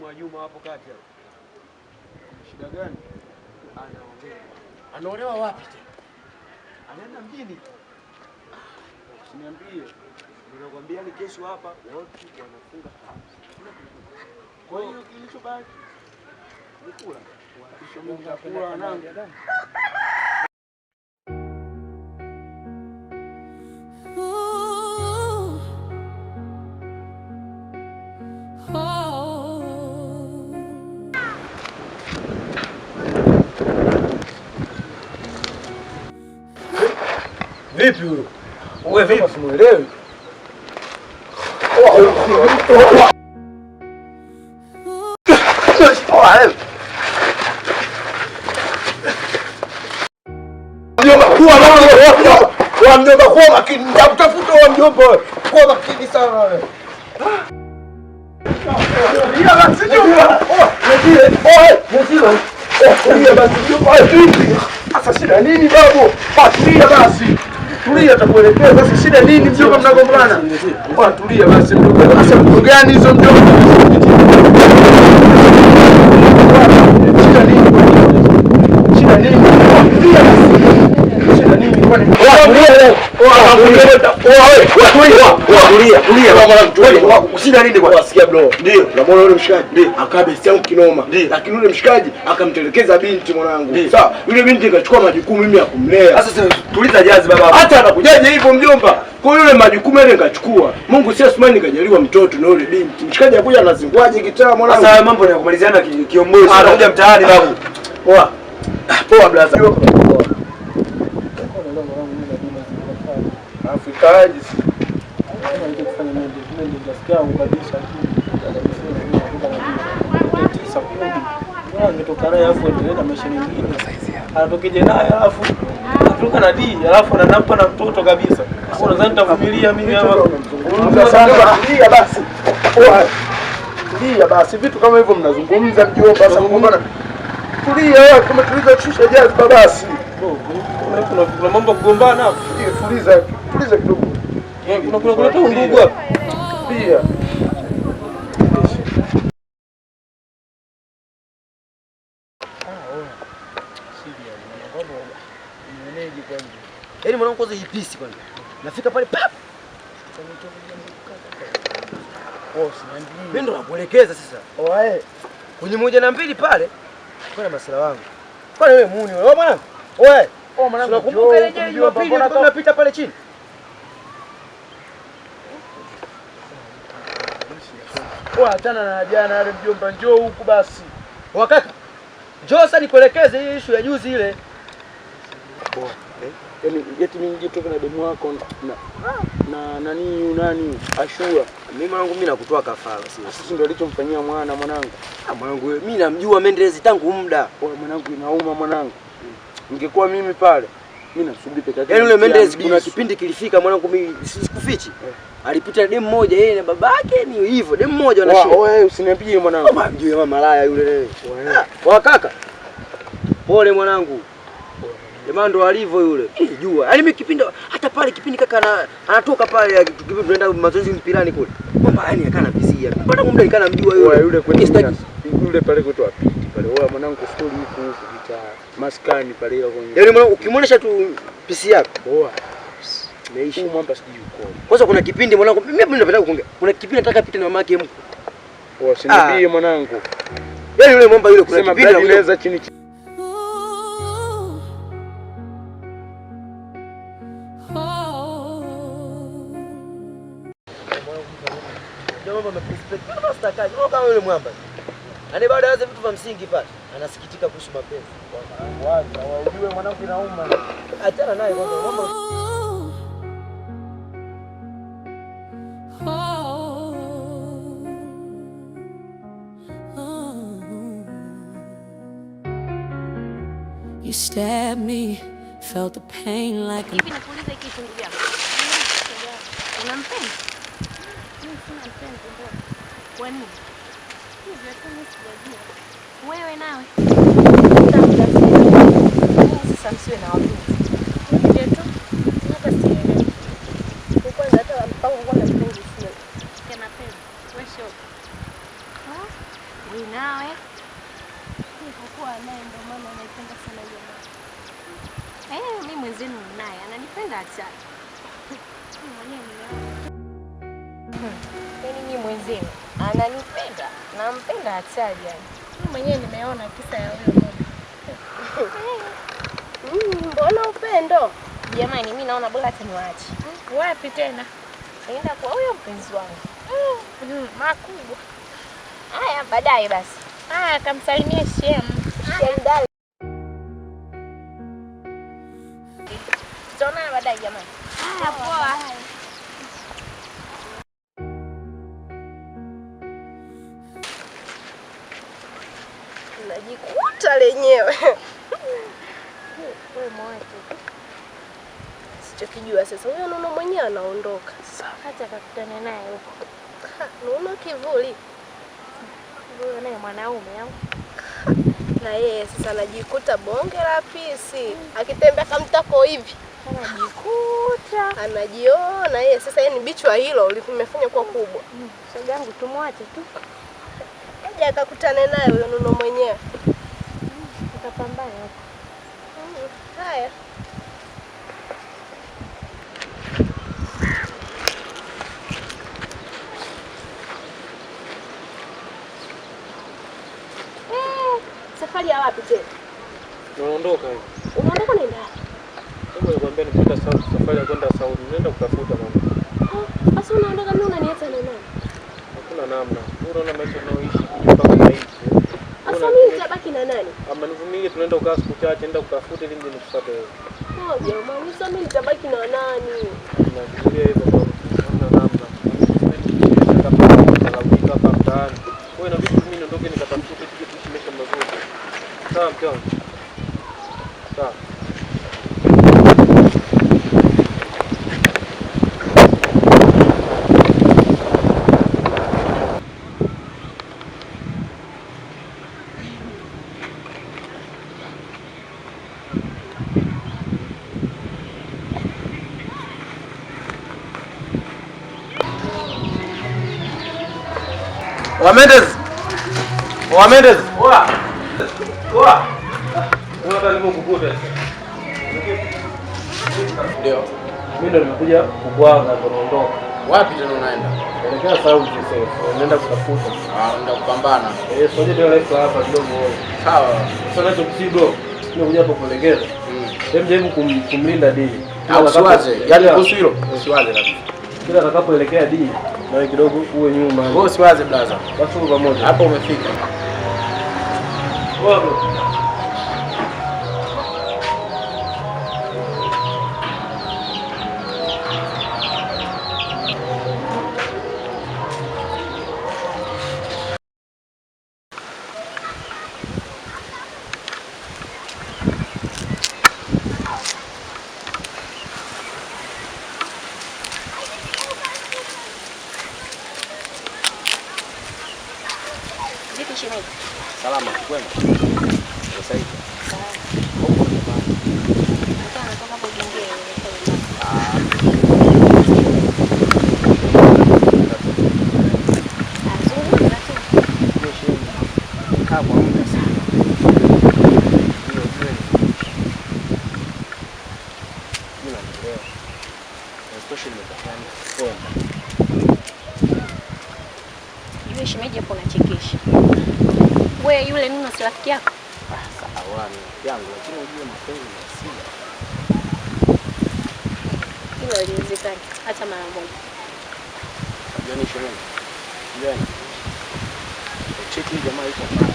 mwa Juma hapo kati hapo. Shida gani? Anaolewa. Anaolewa wapi tena? Anaenda mjini. Usiniambie. Ninakwambia ni kesho hapa wote wanafunga kazi. Kwa hiyo kilichobaki ni kula. Wanakishomo kula wanangu. uelewi. Mjomba, kuwa makini, nitakutafuta wewe mjomba, wewe kuwa makini sana wewe. Sasa shida nini babu? Basi basi tulia, atakuelekeza sasa shida nini, mjomba, mnagombana. Tulia basi, sasa mtu gani hizo mjomba? Shida nini? Shida nini? Unamwona yule mshikaji akabesi yangu kinoma, lakini yule mshikaji akamtelekeza binti mwanangu. Sawa, yule binti ikachukua majukumu mimi ya kumlea. Sasa tuliza jazi baba, hata anakujaje hivyo mjomba? Kwa yule majukumu yale nikachukua. Mungu si Asmani nikajaliwa mtoto na yule binti. Mshikaji akuja anazingwaje kitaa mwanangu? Sasa mambo ni ya kumaliziana kiongozi. Anakuja mtaani babu. Poa. Ah, poa blaza. Ufikaji anatokeje naye alafu atoka na dii alafu ananampa na mtoto kabisa. Nadhani nitavumilia mimi ama basi tulia basi, vitu kama hivyo mnazungumza mjomba, sasa tulia, kama tuliza shusha jazba basi kuna mambo ya kugombana fuliza fuliza kidogo yaani unakuleta undugu hapa pia Yaani mwanangu kwanza hipisi kwanza. Nafika pale pap. Oh, mimi ndo nakuelekeza sasa. Oae. Kwenye moja na mbili pale. Kwa na masala Kwa na wewe muni wewe bwana. Oh, wewe, oh mwanangu, unakumbuka ile jana Jumapili tulikuwa tunapita pale chini? Wewe achana na jana yale mjomba, njoo huku basi. Wakaka. Njoo sasa nikuelekeze hii issue ya juzi ile. Bora. Yaani eti mimi nje toka na demu wako na na nani yu nani Ashura. Mimi mwanangu mimi nakutoa kafara sio. Sisi ndio alichomfanyia mwana mwanangu. Ah mwanangu, mimi namjua Mendezi tangu muda. Wewe mwanangu inauma mwanangu. Ningekuwa mimi pale mimi nasubiri peke yake. Yaani yule Mendes kuna kipindi kilifika mwanangu mimi sikufichi. Eh. Alipita demu moja yeye na babake ni hivyo. Demu moja wanashoa. Wewe usiniambie mwanangu. Mama mjue mama malaya yule. Wa kaka. Pole mwanangu. Jamaa ndo alivyo yule. Jua. Yaani mimi kipindi hata pale kipindi kaka anatoka pale tunaenda mazoezi mpirani kule. Mama yani akana busy. Mbona kumbe kana mjua yule. Yule kwetu. Yule pale kwetu apiti pale. Wewe mwanangu story huko huko kita maskani pale ile kwenye. Yaani mwanangu ukimwonesha tu PC yako. Poa. Naishi mwamba sijui uko. Kwanza kuna kipindi mwanangu mimi napenda kuongea. Kuna kipindi nataka pite na mamake mko. Poa, sinibie ah. mwanangu. Yaani yule mwamba yule kuna kipindi anaweza chini chini. Ndio oh. mambo mepespect. Ndio mastakaji. Ndio kama yule mwamba msingi pale anasikitika kuhusu mapenzi. Wacha wauliwe mwanamke na Achana naye kwanza. Oh, oh. felt the pain like Unampenda? Mimi sina mpenzi Kwa nini? Mimi sijajua. Wewe nawe sasa, msiwe na nawe naye, ndio maana anaipenda sana Eh, mimi mwenzenu naye ananipenda hmm. yaani mimi mwenzenu ananipenda, nampenda hata yani mwenyewe nimeona kisa ya huyo mm, mbona upendo jamani, mi naona bora hata Wapi tena? Naenda kwa huyo mpenzi wangu mm, makubwa. Haya, baadaye basi. Haya, kamsalimia shemu. Tutaonana baadaye jamani. Haya, poa. swala lenyewe sichokijua sasa, huyo Nuno mwenyewe anaondoka, hata kakutana naye huko Nuno kivuli huyo, naye mwanaume au na yeye sasa anajikuta bonge la pisi, akitembea kamtako hivi anajikuta anajiona yeye sasa. Yani bichwa hilo limefanya kuwa kubwa. Mm, Shogangu, tumwache tu aje akakutane naye huyo Nuno mwenyewe pambana huko. haya. Eh, safari ya wapi tena? Unaondoka hivi. Unaondoka unaenda wapi? Hebu nipata Saudi, safari ya kwenda Saudi. Nenda kutafuta mama. Ah, basi unaondoka mimi unaniacha na nani? Hakuna namna. Wewe unaona maisha unaoishi kujipanga na hivi. Sasa mimi nitabaki na nani? Ama ah, nivumilie, tunaenda ukaa siku chache, nenda ukafute ili nikufuate wewe. Ngoja mama, sasa mimi nitabaki na nani? Nafikiria hivyo kwa namna namna. hapa mtaani. Wewe na vitu mimi niondoke nikatafute kitu kile mazuri. Sawa mke wangu. Wamendez. Wamendez. Ndio. Mimi ndo nimekuja na kuondoka. Wapi tena unaenda? Elekea sauti sasa. Unaenda kutafuta. Ah, unaenda kupambana. Eh, soje tena life hapa kidogo. Sawa. Sasa tukigo. Nimekuja hapo kulegeza. Mm. Hebu jaribu kumlinda Au ah, Usiwaze. Yaani kuhusu hilo. Eh. Usiwaze kabisa kila atakapoelekea D na kidogo uwe nyuma. Wewe usiwaze blaza, basi pamoja hapo, umefika. rafiki yako? Ah, sawa yangu, lakini mapenzi ni Hilo haliwezekani hata mara moja. Jani shuleni. Jani. Cheki jamaa yuko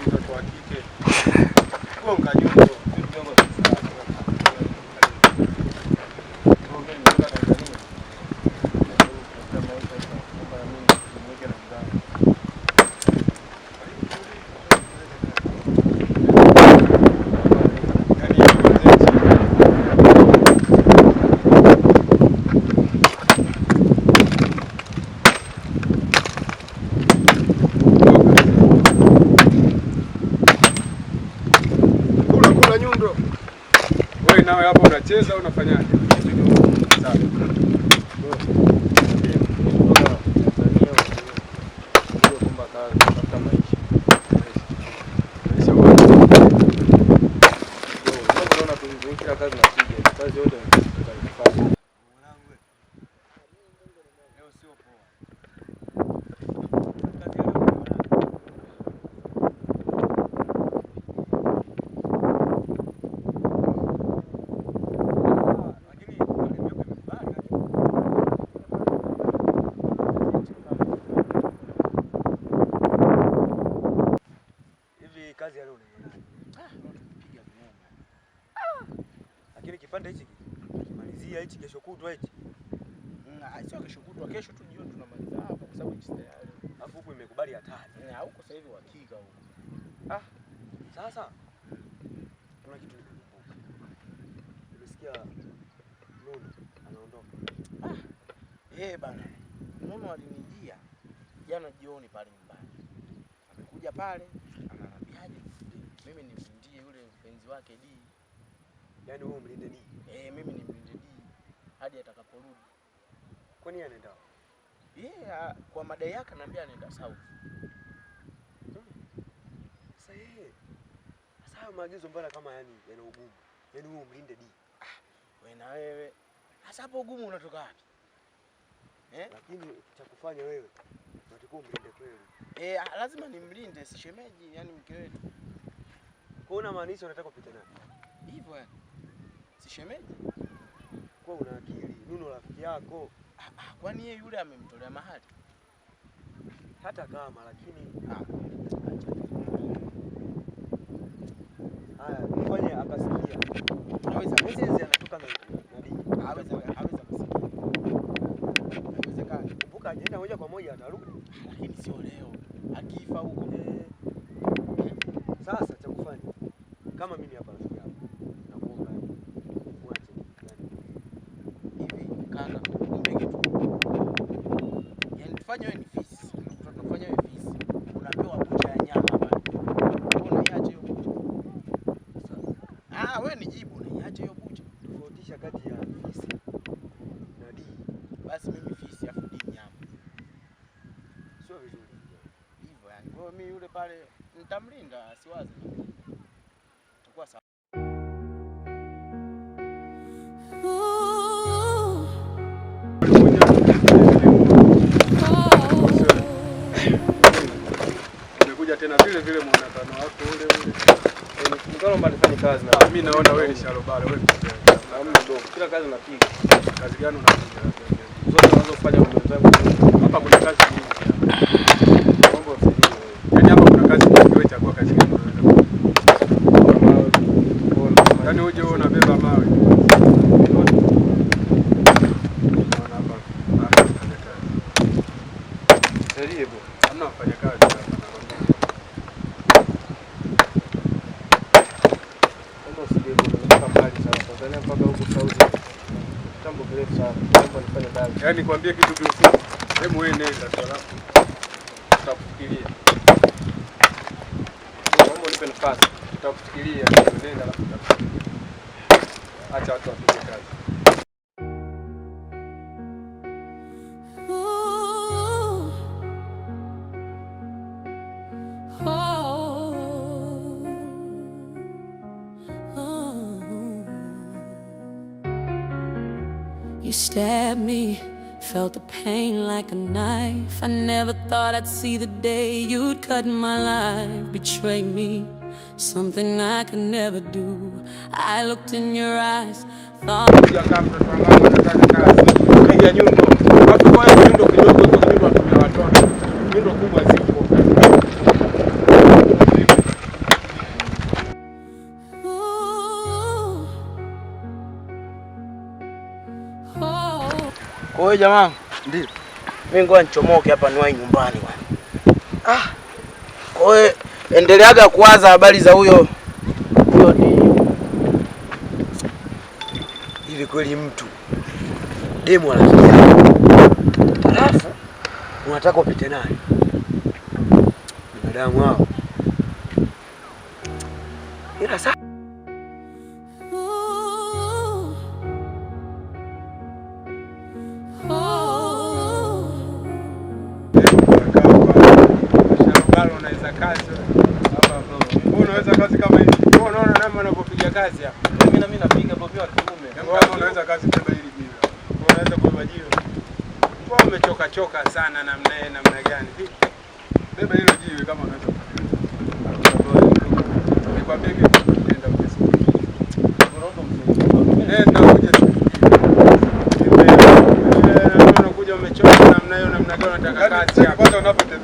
mtoto wa kike gonga nyundo. No. Alafu huku imekubali hatari. Na eh, huko sasa hivi wakiga huko. Ah. Sasa kuna kitu nimekumbuka. Nimesikia Nunu anaondoka. Ah. Eh, bana. Nunu alinijia jana jioni pale nyumbani. Amekuja pale ananiambiaje? Mimi nimlindie yule mpenzi wake D. Yaani wewe umlinde D? Eh, mimi nimlinde D hadi atakaporudi. Kwani anaenda wapi? yeye yeah, kwa madai yake anaambia anaenda South. Sasa yeye sasa hayo maagizo mbona kama yani yana ugumu? Yaani wewe umlinde di. Ah, wewe na wewe. Sasa hapo ugumu unatoka wapi? Eh? Lakini cha kufanya wewe unatakiwa umlinde kweli. Eh, ah, lazima nimlinde si shemeji, yani mke wetu. Kwa una maanisha unataka kupita naye? Hivyo yani. Si shemeji. Kwa una akili, Nuno rafiki yako. Ah, kwani yeye yule amemtolea mahali? Hata kama lakini ah. haya nifanye akasikia. Aweza mzee anatoka na nabii. Aweza aweza kusikia. Inawezekana. Kumbuka ajaenda moja kwa moja atarudi. Ah, lakini sio leo. Akifa huko. Eh. Sasa cha kufanya kama mimi jibu na hiyo bucha. Tofautisha kati ya fisi na D. Basi mimi fisi afu D nyama. Sio vizuri. Hivyo yani. Kwa mimi yule pale nitamlinda siwazi. Tutakuwa sawa. tena vile vile muonekano wako ule ule. Ngalo mbali kazi na ah, mimi naona wewe ni sharobale wewe. Hamna ndogo. Kila kazi unapiga. Kazi gani unapiga? Zote unazofanya hapa kuna kazi nyingi. You stabbed me, felt the pain like a knife. I never thought I'd see the day you'd cut my life, betray me. Something I could never do. I looked in your eyes, thought. Wewe jamaa. Ndio. Mimi ngoja nichomoke hapa niwahi nyumbani bwana. Ah. Kwa hiyo endeleaga kuwaza habari za huyo huyo ni hivi kweli mtu demu anakia. Alafu unataka upite naye. Binadamu hao. Ila sasa u a t a k a kazi hapa. k w a n z u n a p o t e e a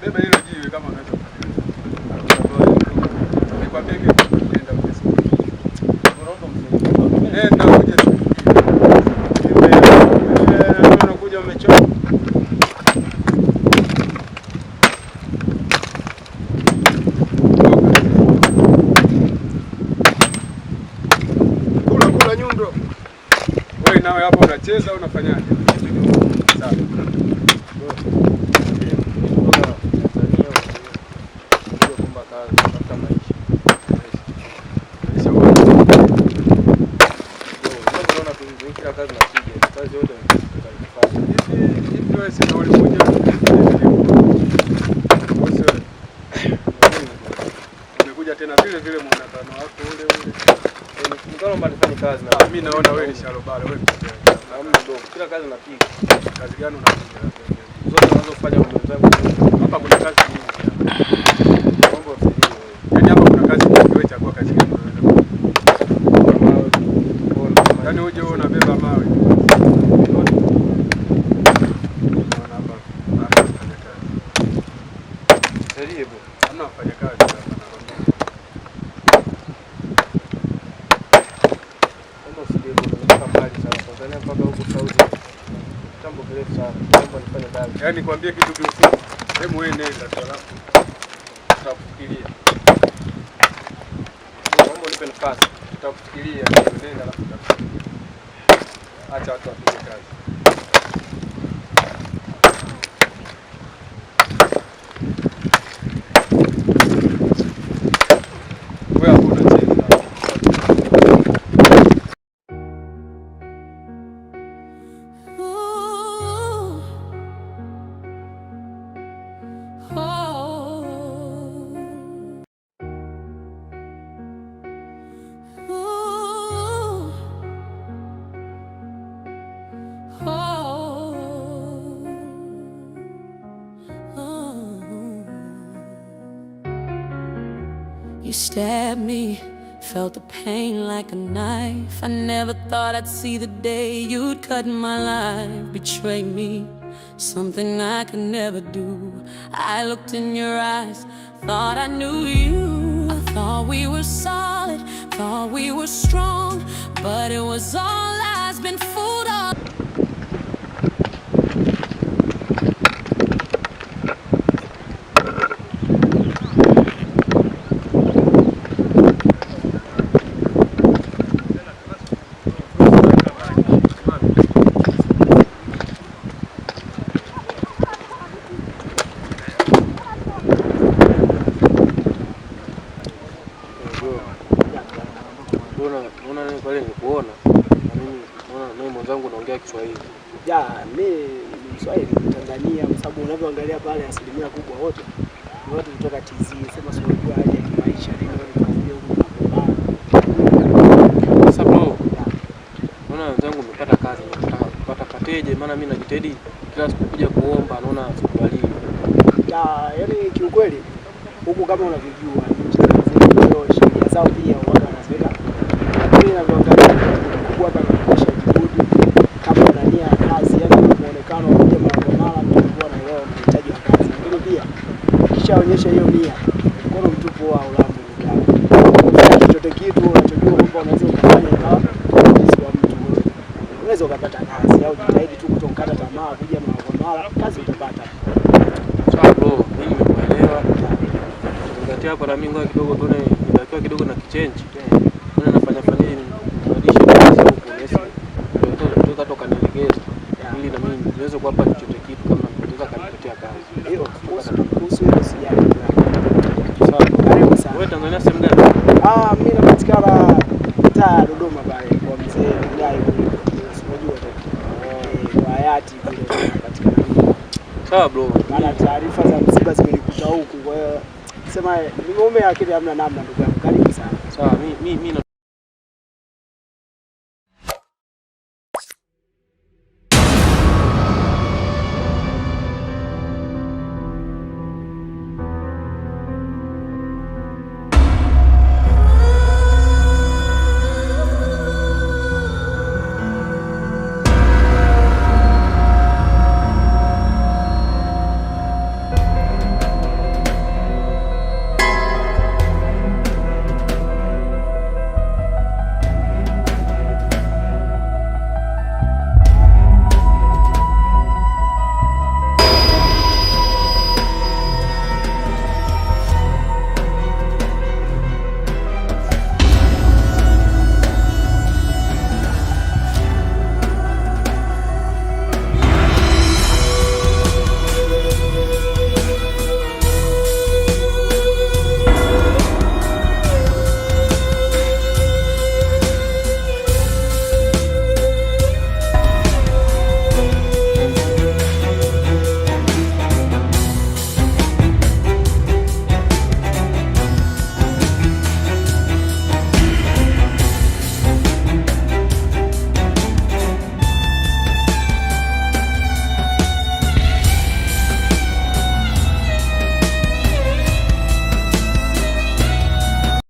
beba hilo jiwe kama unaweza. Nikwambie naomba nifanye kazi na ah, mimi. Naona wewe ni shalobale, wewe hamna ndio, kila kazi napiga. Kazi gani unapiga? Zote unazofanya wewe mzangu hapa, kuna kazi nyingi. halafu tutafikiria. Naomba unipe nafasi, tutafikiria neno, halafu acha watu wapige kazi. You stabbed me, felt the pain like a knife. I never thought I'd see the day you'd cut my life, betray me. Something I could never do. I looked in your eyes, thought I knew you. I thought we were solid, thought we were strong, but it was all lies, been fooled up. pale nikuona na mimi naona mimi mwanzangu naongea Kiswahili. Ya, mimi ni Mswahili Tanzania kwa sababu unavyoangalia pale asilimia kubwa wote ni watu kutoka TZ, sema sio kwa hali ya maisha ni kwa sababu naona wenzangu umepata kazi, nataka kupata pateje, maana mimi najitahidi kila siku kuja kuomba, naona sikubali. Ya, yani kiukweli huku kama unavyojua mchezo wa sheria zao pia kuonyesha hiyo nia. Mkono mtupu wa ulambo chochote kitu unachojua kwamba unaweza ukafanya ikawa kwa mtu. Unaweza ukapata kazi au jitahidi tu kutokata tamaa, kuja mara kwa mara, kazi utapata. mimi nimekuelewa. Zingatia hapa na mimi ngoja kidogo tuone, inatakiwa kidogo na kichenji. taarifa za msiba zimenikuta huku, kwa hiyo sema mume akili hamna namna, ndugu yangu, karibu sana. Sawa, mimi mimi